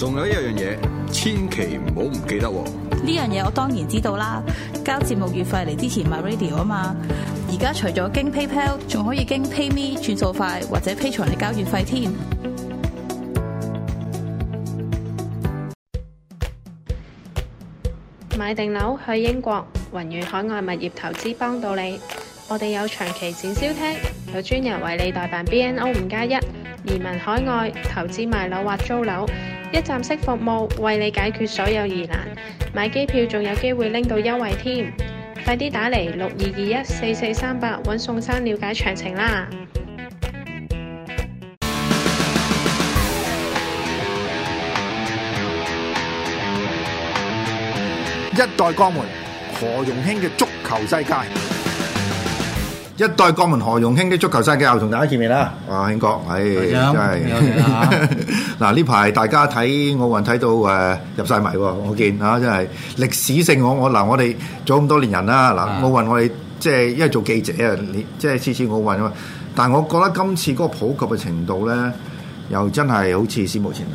仲有一樣嘢，千祈唔好唔記得呢樣嘢。我當然知道啦，交節目月費嚟支持 MyRadio 啊嘛。而家除咗經 PayPal，仲可以經 PayMe 轉數快，或者 Patreon 嚟交月費添。買定樓去英國，雲遠海外物業投資幫到你。我哋有長期展銷廳，有專人為你代辦 B N O 五加一移民海外投資買樓或租樓。一站式服務，為你解決所有疑難。買機票仲有機會拎到優惠添，快啲打嚟六二二一四四三八，揾宋生了解詳情啦。一代鋼門何容興嘅足球世界。一代鋼門何容興嘅足球世界又同大家見面啦！啊，興哥，唉，真係嗱，呢排大家睇奧運睇到誒入曬迷喎，我見啊，真係歷史性！我我嗱，我哋做咁多年人啦，嗱奧運我哋即係因為做記者啊，即係次次奧運啊嘛。但係我覺得今次嗰個普及嘅程度咧，又真係好似史無前例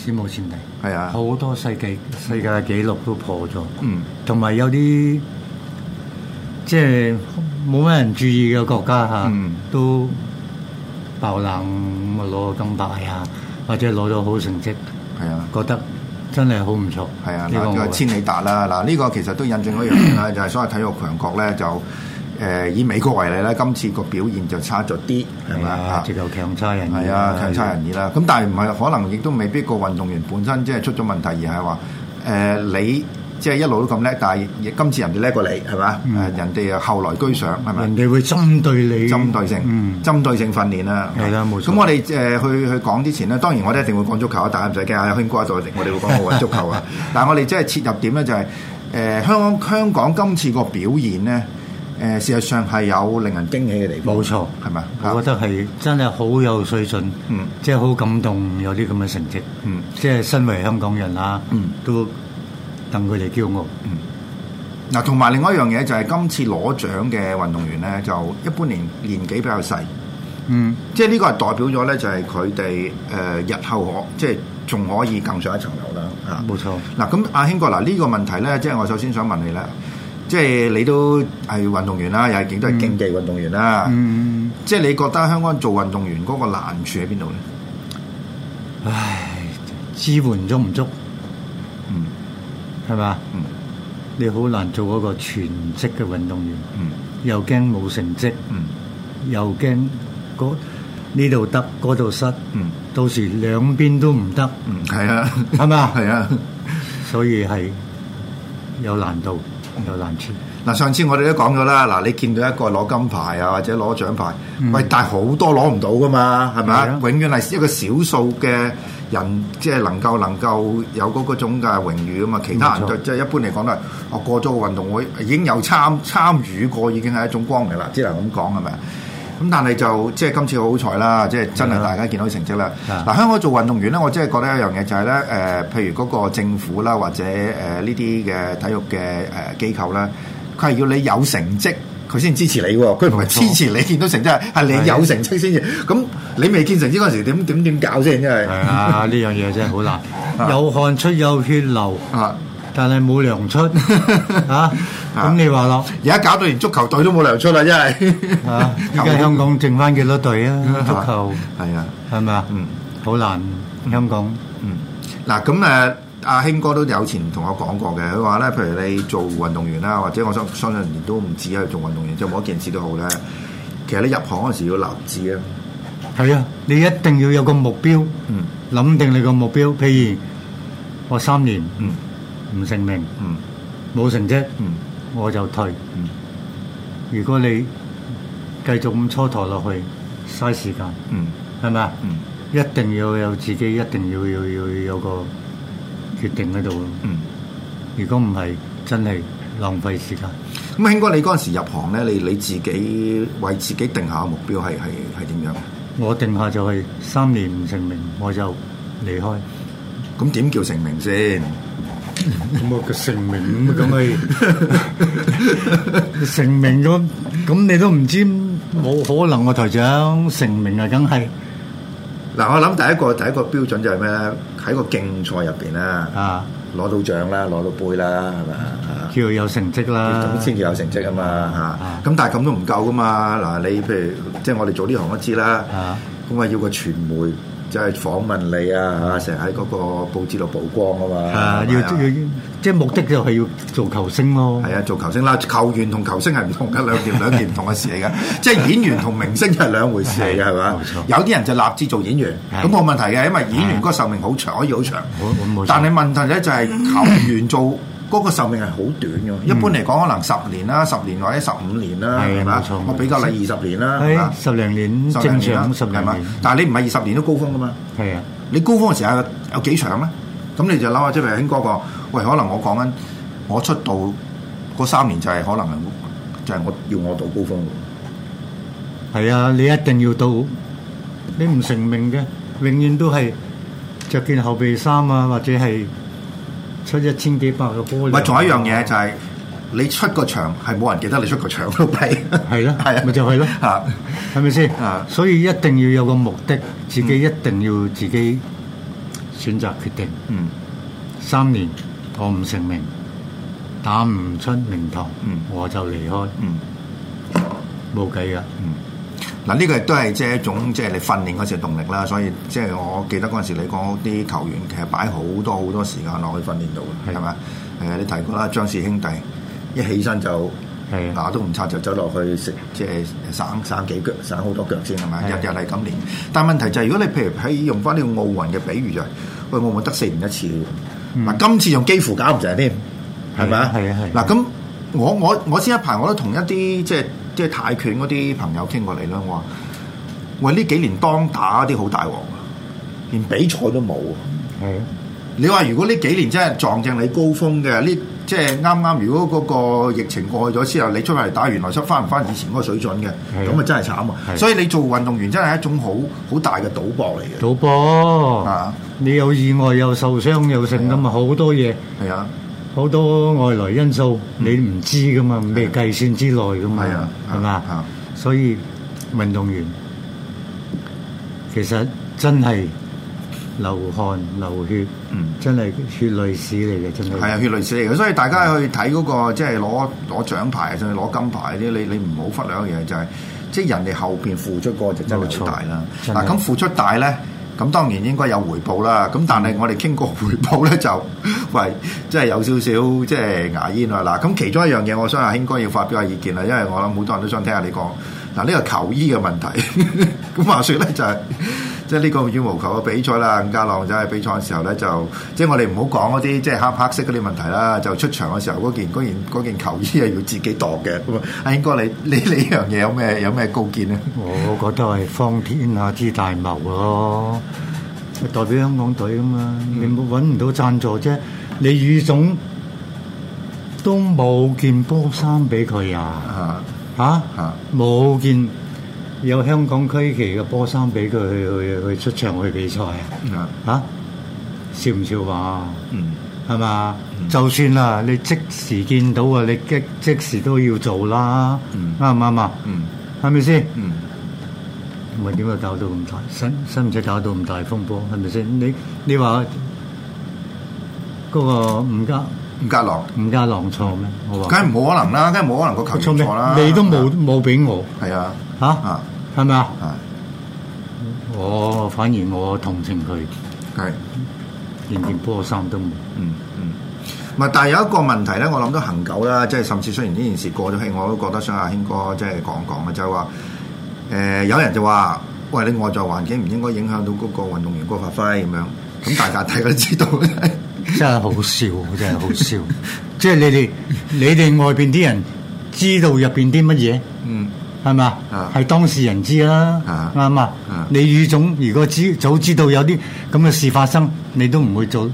喎！史無前例係啊，好多世紀世界紀錄都破咗，嗯，同埋有啲即係。冇咩人注意嘅國家嚇，啊嗯、都爆冷咁啊攞到金牌啊，或者攞到好成績，係啊，覺得真係好唔錯。係啊，嗱，就係千里達啦。嗱、啊，呢、呢個其實都印證一樣嘢啦， 就係所謂體育強國咧，就誒、呃、以美國為例咧，今次個表現就差咗啲，係咪啊？係啊吧，直頭強差人意。啊，強差人意啦。咁的但係唔係可能亦都未必個運動員本身即係出咗問題，而係話誒你。呃呃呃即係一路都咁叻，但係亦今次人哋叻過你，係嘛？誒，人哋又後來居上，係咪？人哋會針對你，針對性，針對性訓練啦。係啦，冇錯。咁我哋誒去去講之前咧，當然我哋一定會講足球啊，大家唔使驚啊，興哥一到嚟，我哋會講奧運足球啊。但係我哋即係切入點咧，就係誒香港香港今次個表現咧，誒事實上係有令人驚喜嘅地方。冇錯，係咪？我覺得係真係好有水準，嗯，即係好感動，有啲咁嘅成績，嗯，即係身為香港人啦，嗯，都。等佢哋驕傲。叫我嗯，嗱，同埋另外一樣嘢就係今次攞獎嘅運動員咧，就一般年年紀比較細。嗯，即係呢個係代表咗咧，就係佢哋誒日後可即係仲可以更上一層樓啦。嚇，冇錯。嗱、啊，咁阿興哥，嗱、這、呢個問題咧，即係我首先想問你啦。即係你都係運動員啦，又係幾多係競技運動員啦？嗯，即係你覺得香港做運動員嗰個難處喺邊度咧？唉，支援都唔足。係嘛？嗯，mm. 你好難做嗰個全職嘅運動員，嗯，mm. 又驚冇成績，嗯、mm.，又驚呢度得嗰度失，嗯，mm. 到時兩邊都唔得，嗯，係啊，係嘛吧，係 啊，所以係有難度，有難處。嗱，上次我哋都講咗啦，嗱，你見到一個攞金牌啊，或者攞獎牌，喂、嗯，但係好多攞唔到噶嘛，係咪啊？嗯、永遠係一個少數嘅人，即係能夠能夠有嗰種嘅榮譽啊嘛，其他人即係錯一般嚟講都係，我過咗個運動會已經有參參與過，已經係一種光明啦，只能咁講，係咪咁？但係就即係今次好彩啦，即係真係大家見到成績啦。嗱、嗯，嗯、香港做運動員咧，我真係覺得一樣嘢就係、是、咧，誒、呃，譬如嗰個政府啦，或者誒呢啲嘅體育嘅誒機構啦。佢係要你有成績，佢先支持你喎。佢唔係支持你見到成績，係你有成績先至。咁你未見成績嗰陣時，點點點搞先？因為啊，呢樣嘢真係好難。有汗出有血流，但係冇糧出啊！咁你話咯，而家搞到連足球隊都冇糧出啦，真係啊！而家香港剩翻幾多隊啊？足球係啊，係咪啊？嗯，好難香港。嗯，嗱咁誒。阿、啊、興哥都有前同我講過嘅，佢話咧，譬如你做運動員啦，或者我相、相信人哋都唔止喺度做運動員，做冇一件事都好咧。其實你入行嗰時要立志啊，係啊，你一定要有個目標，嗯，諗定你個目標，譬如我三年，嗯，唔成名，嗯，冇成績，嗯，我就退。嗯，如果你繼續咁蹉跎落去，嘥時間，嗯，係咪啊？嗯，一定要有自己，一定要要要有個。決定喺度咯。嗯，如果唔係，真係浪費時間。咁啊，興哥，你嗰陣時入行咧，你你自己為自己定下目標係係係點樣？我定下就係、係、三年唔成名，我就離開。咁點叫成名先？咁我啊，成名咁梗係成名咗，咁你都唔知，冇可能啊，台長成名啊，梗係。嗱，我諗第一個第一個標準就係咩咧？喺個競賽入邊咧，啊、攞到獎啦，攞到杯啦，係咪啊？叫做有成績啦，咁先至有成績、嗯、啊嘛嚇！咁但係咁都唔夠噶嘛？嗱，你譬如即係我哋做呢行都知啦，咁啊要個傳媒。即係訪問你啊，成日喺嗰個報紙度曝光啊嘛，係啊，要、啊、即係目的就係要做球星咯。係啊，做球星啦，球員同球星係唔同嘅 兩件兩件唔同嘅事嚟嘅，即係演員同明星就係兩回事嚟嘅，係嘛 吧？冇錯，有啲人就立志做演員，咁冇 問題嘅，因為演員個壽命好長，可以好長。我冇。但係問題咧就係、是、球員做。 嗰個壽命係好短嘅，一般嚟講可能十年啦，十年或者十五年啦，係嘛？我比較諗二十年啦，係嘛？十零年正常，係嘛？但係你唔係二十年都高峯噶嘛？係啊！你高峯嘅時候有幾長咧？咁你就諗下即係，興哥個，喂，可能我講緊我出道嗰三年就係可能係就係我要我到高峯喎。係啊！你一定要到，你唔成名嘅，永遠都係著件後備衫啊，或者係。出一千幾百嘅歌，咪仲有一樣嘢就係、是、你出個場係冇人記得你出個場都弊，係咯的，係啊 的，咪就係咯，啊的，係咪先？啊、 嗯， 所以一定要有個目的，自己一定要自己選擇決定。嗯，三年我唔成名，打唔出名堂，嗯，我就離開嗯計。嗯，冇計噶。嗯。嗱，呢個都係即係一種即係你訓練嗰時嘅動力啦，所以即係我記得嗰陣時你講啲球員其實擺好多好多時間落去訓練到嘅，係咪啊？你提過啦，張氏兄弟一起身就牙都唔擦就走落去食，即係省省幾腳省好多腳先，係咪？日日係今年，但問題就係如果你譬如喺用翻呢個奧運嘅比喻就係，喂、欸，我我得四年一次嗱，今次仲幾乎搞唔成添，係咪啊？係啊係。嗱，咁我我我先一排我都同一啲即係。即係泰拳嗰啲朋友傾過嚟啦，我話：我呢幾年當打啲好大鑊，連比賽都冇。係啊！你話如果呢幾年真係撞正你高峰嘅，呢即係啱啱如果嗰個疫情過去咗之後，你出嚟打，原來出翻唔翻以前嗰個水準嘅，咁啊真係慘啊！所以你做運動員真係一種好好大嘅賭博嚟嘅。賭博啊！你有意外又受傷又剩咁啊，好多嘢係啊！好多外來因素，你唔知噶嘛，未計算之內噶嘛，係嘛？所以運動員其實真係流汗流血，嗯，真係血淚史嚟嘅，真係。係啊，血淚史嚟嘅，所以大家去睇嗰個即係攞攞獎牌，甚至攞金牌嗰啲，你你唔好忽略一樣嘢就係，即係人哋後邊付出嗰個就真係好大啦。嗱，咁付出大咧？咁當然應該有回報啦，咁但係我哋傾過回報咧就，喂，即係有少少即係牙煙啊嗱，咁其中一樣嘢，我想阿、啊、興哥要發表下意見啦，因為我諗好多人都想聽下你講。嗱呢個球衣嘅問題，咁 話説咧就係即係呢個羽毛球嘅比賽啦。伍家朗仔喺比賽嘅時候咧，就即係、就是、我哋唔好講嗰啲即係黑黑色嗰啲問題啦。就出場嘅時候嗰件件件球衣係要自己度嘅。阿 英哥，你你你樣嘢有咩有咩高見咧？我覺得係荒天下之大謬咯，啊，代表香港隊噶嘛。嗯、你冇揾唔到贊助啫，你羽總都冇件波衫俾佢啊！啊啊！冇見有香港區旗嘅波衫俾佢去去去出場去比賽啊！嗯、啊？笑唔笑話？嗯，係嘛吧？嗯、就算啦，你即時見到啊，你即即時都要做啦，啱唔啱啊？嗯，係咪先？嗯，唔係點解搞到咁大？使使唔使搞到咁大風波？係咪先？你你話嗰個唔夾？伍家朗，伍家朗錯咩？梗係冇可能啦，梗係冇可能個球錯啦。你都冇冇俾我？係啊，吓，係咪啊？嗎啊我反而我同情佢，係、啊、連件波衫都冇、嗯。嗯嗯，係，但係有一個問題咧，我諗都恒久啦，即係甚至雖然呢件事過咗去，我都覺得想阿興哥即係講講啊，就係話誒，有人就話喂，你外在環境唔應該影響到嗰個運動員個發揮咁樣，咁大家睇家都知道。 真係好笑，真係好笑。即係你哋，你哋外邊啲人知道入邊啲乜嘢？嗯，係咪啊？係當事人知啦，啱嘛？你宇總如果知早知道有啲咁嘅事發生，你都唔會做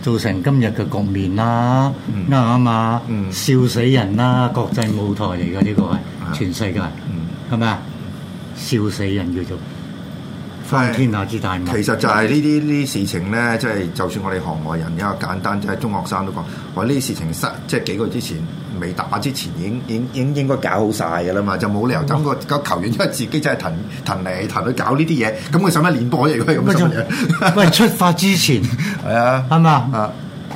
造成今日嘅局面啦，啱唔啱？笑死人啦！國際舞台嚟嘅呢個係，全世界係咪啊？笑死人叫做。天下之大，其實就係呢啲呢啲事情咧，即、就、係、是、就算我哋行外人，一個簡單即係、就是、中學生都講，我呢啲事情失，即係幾個月之前未打之前，已經已經應應應應該搞好晒㗎啦嘛，就冇理由哇整個個球員因為自己真係騰騰嚟騰去搞呢啲嘢，咁佢使乜練波嘢佢咁樣？嗯、喂， 出發之前係啊，啱嘛吧啊？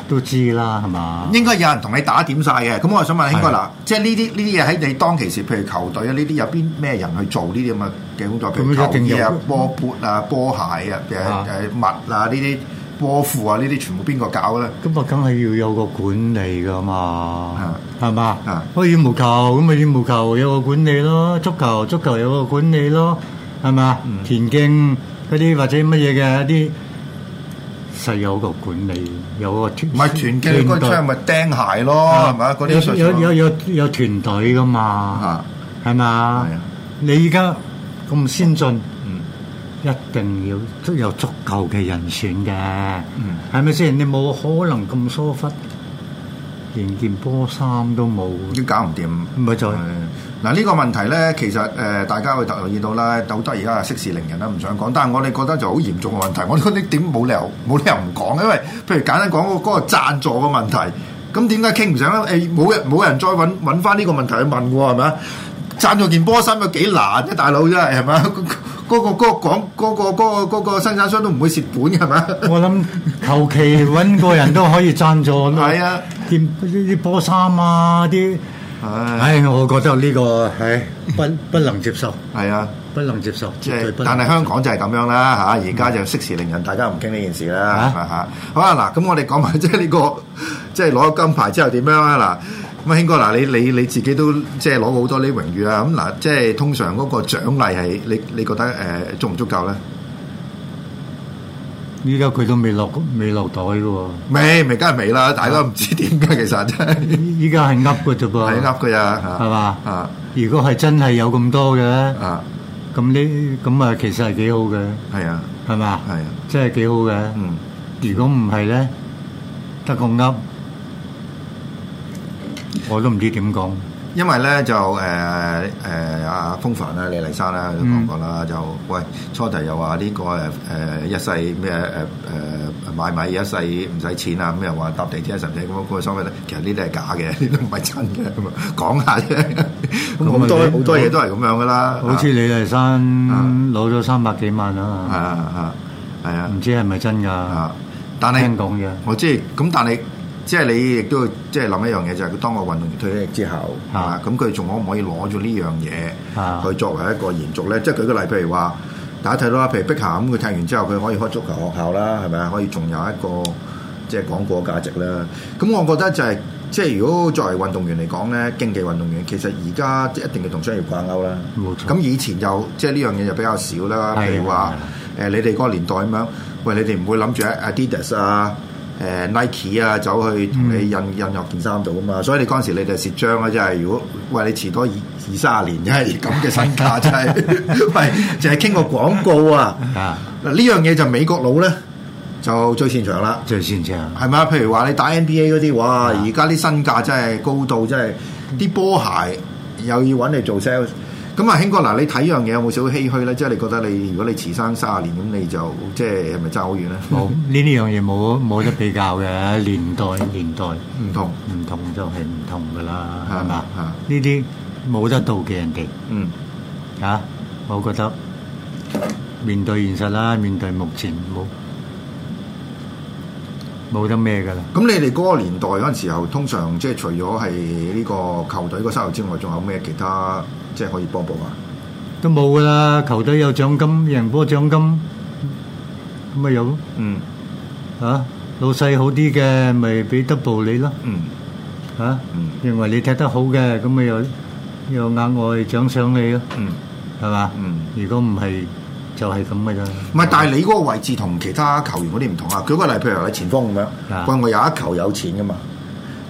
都知啦，係嘛？應該有人同你打點晒嘅。咁我想問，應該嗱，即係呢啲呢啲嘢喺你當其時，譬如球隊啊，呢啲有邊咩人去做呢啲咁嘅嘅工作？譬如一定有波撥啊、波鞋啊、誒誒襪啊呢啲、波褲啊呢啲，全部邊個搞咧？咁啊，梗係要有個管理噶嘛，係嘛？開羽毛球咁啊，羽毛球有個管理咯；足球足球有個管理咯，係嘛？嗯、田徑嗰啲或者乜嘢嘅一啲。實有個管理，有個團。唔係團結嗰出，咪應該釘鞋咯，係咪啊？嗰啲有有有有有團隊㗎嘛嚇，係咪？你而家咁先進，嗯，一定要足有足夠嘅人選嘅，嗯，係咪先？你冇可能咁疏忽。連件波衫都冇，都搞唔掂。唔係就嗱呢個問題咧，其實誒、呃、大家會特留意到啦。斗得而家係息事寧人啦，唔想講。但係我哋覺得就好嚴重嘅問題。我覺得點冇理由，冇理由唔講，因為譬如簡單講嗰個贊助嘅問題，咁點解傾唔上咧？誒，冇人冇人再揾揾翻呢個問題去問喎，係咪啊？贊助件波衫有幾難啫？啊，大佬真係係咪啊？ 嗰、那個嗰、那個講嗰生產商都唔會蝕本嘅係嘛？我諗求其揾個人都可以贊助都係 啊！呢啲波衫啊啲，唉、哎，我覺得呢、這個係、哎、不不能接受，係啊，不能接受。即係、啊，但係香港就係咁樣啦嚇，而家就息事寧人大家唔傾呢件事啦嚇。啊好啊嗱，咁我哋講埋即係呢個，即係攞咗金牌之後點樣啊嗱。咁啊，興哥，嗱，你你你自己都即係攞好多啲榮譽啊！咁嗱，即係通常嗰個獎勵係你你覺得誒足唔足夠咧？依家佢都未落未落袋噶喎，未，咪梗係未啦！大家唔知點解，其實真係依家係噏嘅啫噃，係噏嘅咋，係嘛？啊！如果係真係有咁多嘅，啊，咁呢咁啊，其實係幾好嘅，係啊，係嘛？係啊，即係幾好嘅。嗯，如果唔係咧，得咁噏。我都唔知點講，因為咧就誒誒阿風凡啦、李麗珊啦都講過啦，嗯、就喂初頭又話呢、這個誒誒、呃、一世咩誒誒買米一世唔使錢啊，咁又話搭地鐵一十幾，咁嗰收所謂其實呢啲係假嘅，呢啲都唔係真嘅，咁啊講下啫。咁好多好多嘢都係咁樣噶啦。好似李麗珊攞咗三百幾萬啊嘛，係啊係啊，係啊，唔知係咪係真㗎？啊？但係聽講嘅，我知。咁，但係。但即係你亦都即係諗一樣嘢，就係、是、當個運動員退役之後，嚇咁佢仲可唔可以攞住呢樣嘢，去作為一個延續咧？啊、即係舉個例，譬如話大家睇到啦，譬如碧鹹咁，佢踢完之後，佢可以開足球學校啦，係咪啊？可以仲有一個即係廣告價值啦。咁我覺得就係、是、即係如果作為運動員嚟講咧，競技運動員其實而家一定係同商業掛鈎啦。冇錯。咁以前就即係呢樣嘢就比較少啦。譬如話誒的、呃，你哋嗰個年代咁樣，喂，你哋唔會諗住喺 Adidas 啊？誒 Nike 啊，走去同你印印落件衫度啊嘛，所以你嗰陣時你就蝕張啦，真係！如果喂你遲多二二三十年，真係咁嘅身價真係，喂，就係傾個廣告啊！啊，呢樣嘢就美國佬咧就最擅長啦，最擅長係咪啊？譬如話你打 NBA 嗰啲哇，而家啲身價真係高到真係，啲波鞋又要揾你做 sales。咁啊，興哥，嗱，你睇依樣嘢有冇少少唏噓咧？即係你覺得你如果你遲生三十年，咁你就即係係咪爭好遠咧？冇呢啲樣嘢冇冇得比較嘅 年代，年代唔不同，唔同就係唔同噶啦，係嘛？呢啲冇得到嘅人哋，嗯嚇、啊，我覺得面對現實啦，面對目前冇冇得咩噶啦。咁你哋嗰個年代嗰陣時候，通常即係除咗係呢個球隊個收入之外，仲有咩其他？ 即係可以幫補啊！都冇噶啦，球隊有獎金，贏波獎金咁咪有咯。嗯，嚇老細好啲嘅，咪俾 double 你咯。嗯，嚇。嗯，認為你踢得好嘅，咁咪有有額外獎賞你咯。嗯，係嘛？嗯，如果唔係就係咁嘅啫。唔係，但係你嗰個位置同其他球員嗰啲唔同啊。舉個例，譬如話你前鋒咁樣，喂我有一球有錢噶嘛。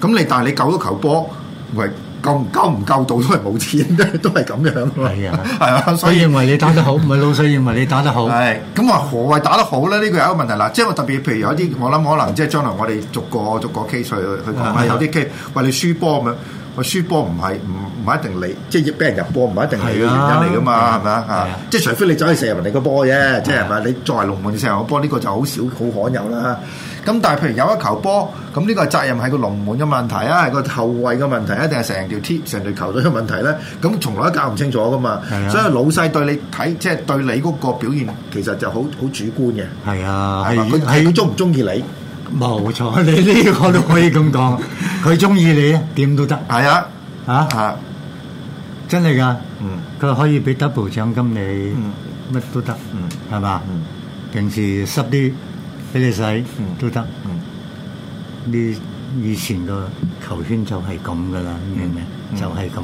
咁你但係你救咗球波喂？夠唔夠，唔夠到都係冇錢，都係咁樣。係啊，係啊，所以認為你打得好，唔係老細認為你打得好。係咁話何謂打得好咧？呢個有一個問題嗱，即係我特別譬如有啲我諗可能即係將來我哋逐個逐個 case 去去講啊，有啲 case，喂你輸波咁咪，我輸波唔係唔唔係一定你，即係俾人入波唔係一定係原因嚟噶嘛，係咪啊？係啊，即係除非你走去射人哋個波啫，即係係咪？你作為龍門射人個波呢個就好少好罕有啦。咁但係譬如有一球波，咁呢個係責任係個龍門嘅問題啊，係個後衞嘅問題啊，定係成條貼成條球隊嘅問題咧？咁從來都搞唔清楚噶嘛。所以老細對你睇，即係對你嗰個表現，其實就好好主觀嘅。係啊，係佢係佢中唔中意你？冇錯，你呢個都可以咁講。佢中意你咧，點都得。係啊，嚇，真係㗎。嗯，佢可以俾 double 獎金你，乜都得。嗯，係嘛？嗯，平時濕啲，俾你使都得，啲以,、嗯嗯、以前個球圈就係咁噶啦，明明、嗯？就係咁，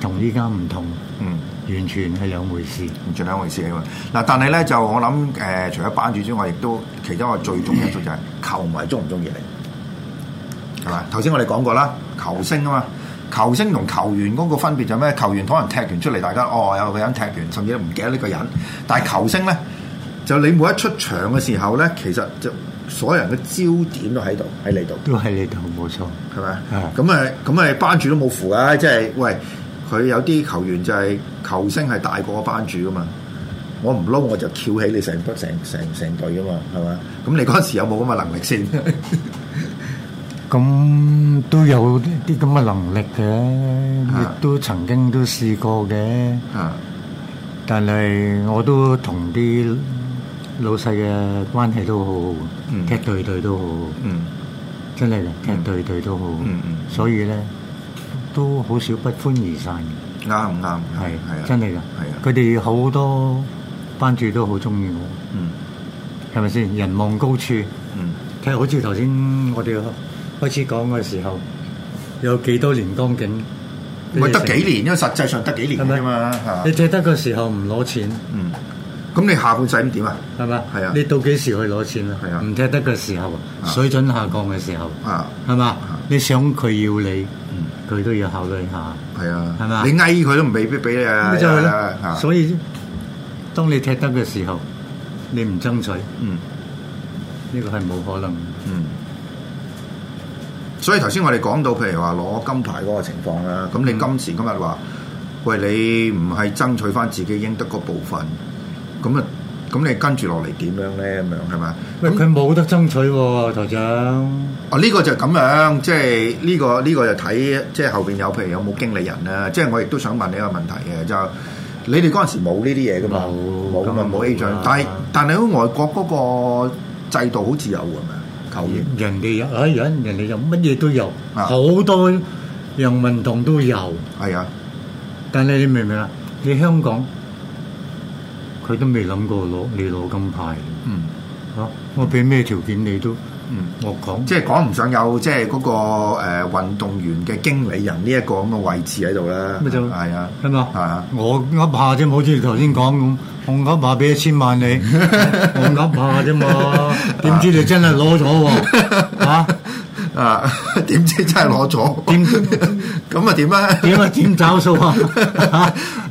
同依家唔同，嗯、完全係兩回事，完全兩回事嚟嘅。嗱，但係咧就我諗，誒、呃，除咗班主之外，亦都其中一個最重要嘅就係球迷中唔中意你，係嘛？頭 先我哋講過啦，球星啊嘛，球星同球員嗰個分別就咩？球員可能踢完出嚟，大家哦有個人踢完，甚至都唔記得呢個人，但係球星咧。 就你每一出場嘅時候咧，其實就所有人嘅焦點都喺度，喺你度。都喺你度，冇錯，係咪？咁啊，咁啊，班主都冇符啊！即係，喂，佢有啲球員就係、係、球星，係大過班主噶嘛。我唔撈我就翹起你成成成成隊噶嘛，係嘛？咁、嗯、你嗰陣時有冇咁嘅能力先？咁 都有啲咁嘅能力嘅，亦都曾經都試過嘅。是啊！但係我都同啲。老細嘅關係都好好，嗯、踢隊隊都好好，真係嘅，踢隊隊都好，嗯、所以咧都好少不歡而散啱唔啱？係係啊，真係㗎，係啊、嗯，佢哋好多班主都好中意我，係咪先？人望高處，睇好似頭先我哋開始講嘅時候，有幾多年光景，唔得幾年，因為實際上得幾年啫嘛，你借得嘅時候唔攞錢。嗯。咁你下半世點點啊？係嘛？係啊！你到幾時去攞錢咧？係啊！唔踢得嘅時候，水準下降嘅時候，啊，係嘛？你想佢要你，嗯，佢都要考慮下，係啊，係嘛？你嗌佢都未必俾你啊，所以，當你踢得嘅時候，你唔爭取，嗯，呢個係冇可能，嗯。所以頭先我哋講到，譬如話攞金牌嗰個情況啦，咁你今時今日話，喂，你唔係爭取翻自己應得嗰部分？咁啊，咁你跟住落嚟點樣咧？咁樣係嘛？喂，佢冇得爭取喎，頭長。哦，呢個就咁樣，即係呢個呢個就睇，即係後邊有，譬如有冇經理人啦。即係我亦都想問你一個問題嘅，就你哋嗰陣時冇呢啲嘢噶嘛？冇，咁啊冇 A 將。但係但係喺外國嗰個制度好自由係咪？球員人哋有，哎人，人哋又乜嘢都有，好多樣運動都有。係啊，但係你明唔明啊？喺香港。佢都未諗過攞你攞金牌，嗯，嚇、啊、我俾咩條件你都，嗯，我講，即係講唔上有即係嗰個誒、呃、運動員嘅經理人呢一個咁嘅位置喺度啦，咪係啊，係啊，我噏下啫，好似你頭先講咁，我噏下俾一千萬你， 我噏下啫嘛，點知你真係攞咗喎，啊，點知真係攞咗？點咁啊？點 啊？點找數啊？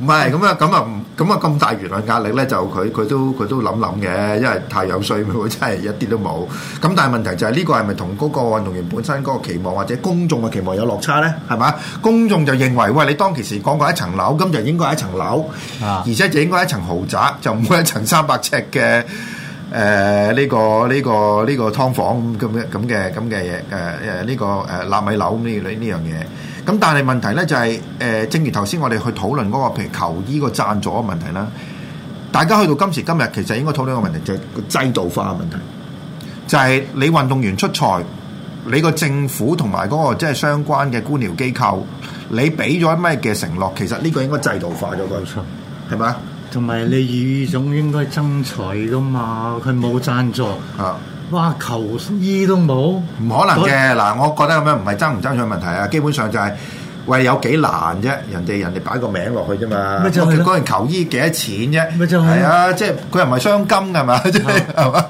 唔係咁啊，咁啊 咁啊，咁大輿論壓力咧，就佢佢都佢都諗諗嘅，因為太有稅咪，真係一啲都冇。咁但係問題就係、是、呢、這個係咪同嗰個運動員本身嗰個期望或者公眾嘅期望有落差咧？係嘛？公眾就認為喂，你當其時講過一層樓，咁就應該一層樓，啊、而且就應該一層豪宅，就唔會一層三百尺嘅誒呢個呢、這個呢、這個劏房咁嘅咁嘅咁嘅嘢誒誒呢個誒、呃、納米樓呢呢樣嘢。咁但係問題咧就係、是，誒、呃，正如頭先我哋去討論嗰、那個譬如球衣個贊助嘅問題啦，大家去到今時今日，其實應該討論個問題就係個制度化嘅問題，就係、是、你運動員出賽，你個政府同埋嗰個即係相關嘅官僚機構，你俾咗咩嘅承諾，其實呢個應該制度化咗，冇錯，嗯，係咪啊？同埋你以種應該爭取㗎嘛，佢冇贊助啊。嗯嗯。哇！球衣都冇，唔可能嘅嗱講，我覺得咁樣唔係爭唔爭上問題啊，基本上就係、是、喂，有幾難啫、啊，人哋人哋擺個名落去啫嘛，咪講件球衣幾多錢啫、啊，咪係啊，即係佢又唔係雙金㗎嘛，係咪？好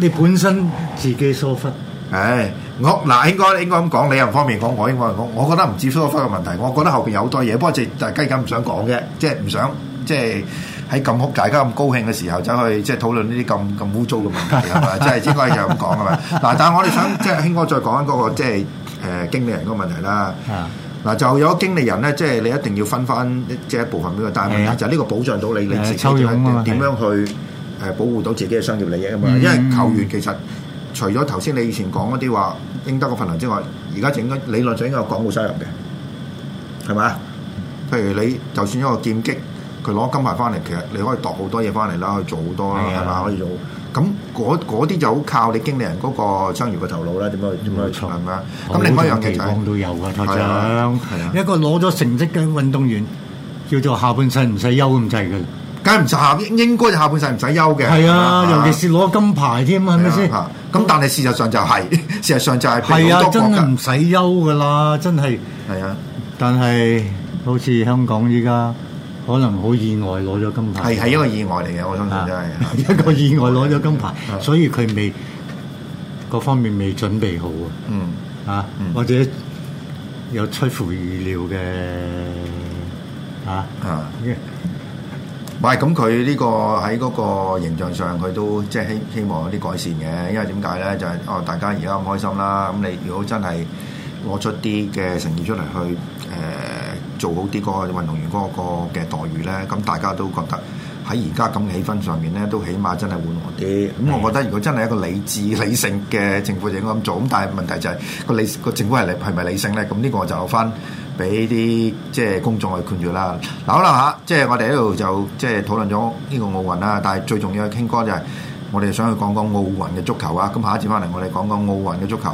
你本身自己疏忽？唉、 哎，我嗱應該應該咁講，你又唔方便講，我應該講，我覺得唔止疏忽嘅問題，我覺得後邊有好多嘢，不過就但係雞咁唔想講嘅，即係唔想即係。即喺咁哭，大家咁高興嘅時候，走去即係討論呢啲咁咁污糟嘅問題，係咪？即係應該就咁講係咪？嗱，但係我哋想即係興哥再講緊嗰個即係誒經理人嗰個問題啦。係啊，嗱就有經理人咧，即係你一定要分翻即係一部分俾佢，但係問題就呢個保障到你，你自己點樣去誒保護到自己嘅商業利益啊嘛。因為球員其實除咗頭先你以前講嗰啲話應得嗰份糧之外，而家整咗理論上應該有廣告收入嘅，係咪啊？譬如你就算一個劍擊。佢攞金牌翻嚟，其實你可以度好多嘢翻嚟啦，可以做好多啦，係嘛？可以做咁嗰啲就好靠你經理人嗰個商業嘅頭腦啦。點解點解冇錯係咪啊？咁另一方面，期望都有嘅台長，係啊，一個攞咗成績嘅運動員，叫做下半世唔使休咁滯嘅，梗係唔使，應應該係下半世唔使休嘅，係啊。尤其是攞金牌添，係咪先？咁但係事實上就係，事實上就係係啊，真係唔使休嘅啦，真係。係啊，但係好似香港依家。可能好意外攞咗金牌，係係一個意外嚟嘅，我相信真係一個意外攞咗金牌，所以佢未各方面未準備好啊，嗯啊，或者有出乎意料嘅啊，唔係咁佢呢個喺嗰個形象上佢都即係希希望有啲改善嘅，因為點解咧就係哦，大家而家咁開心啦，咁你如果真係攞出啲嘅成績出嚟去誒。做好啲個運動員嗰個嘅待遇咧，咁大家都覺得喺而家咁氣氛上面咧，都起碼真係緩和啲。咁、嗯、我覺得如果真係一個理智理性嘅政府就應該咁做，咁但係問題就係個理個政府係係咪理性咧？咁、這、呢個就翻俾啲即係公眾去勸住啦。嗱，好啦嚇，即、就、係、是、我哋喺度就即係、就是、討論咗呢個奧運啦。但係最重要嘅傾偈就係我哋想去講講奧運嘅足球啊。咁下一節翻嚟我哋講講奧運嘅足球。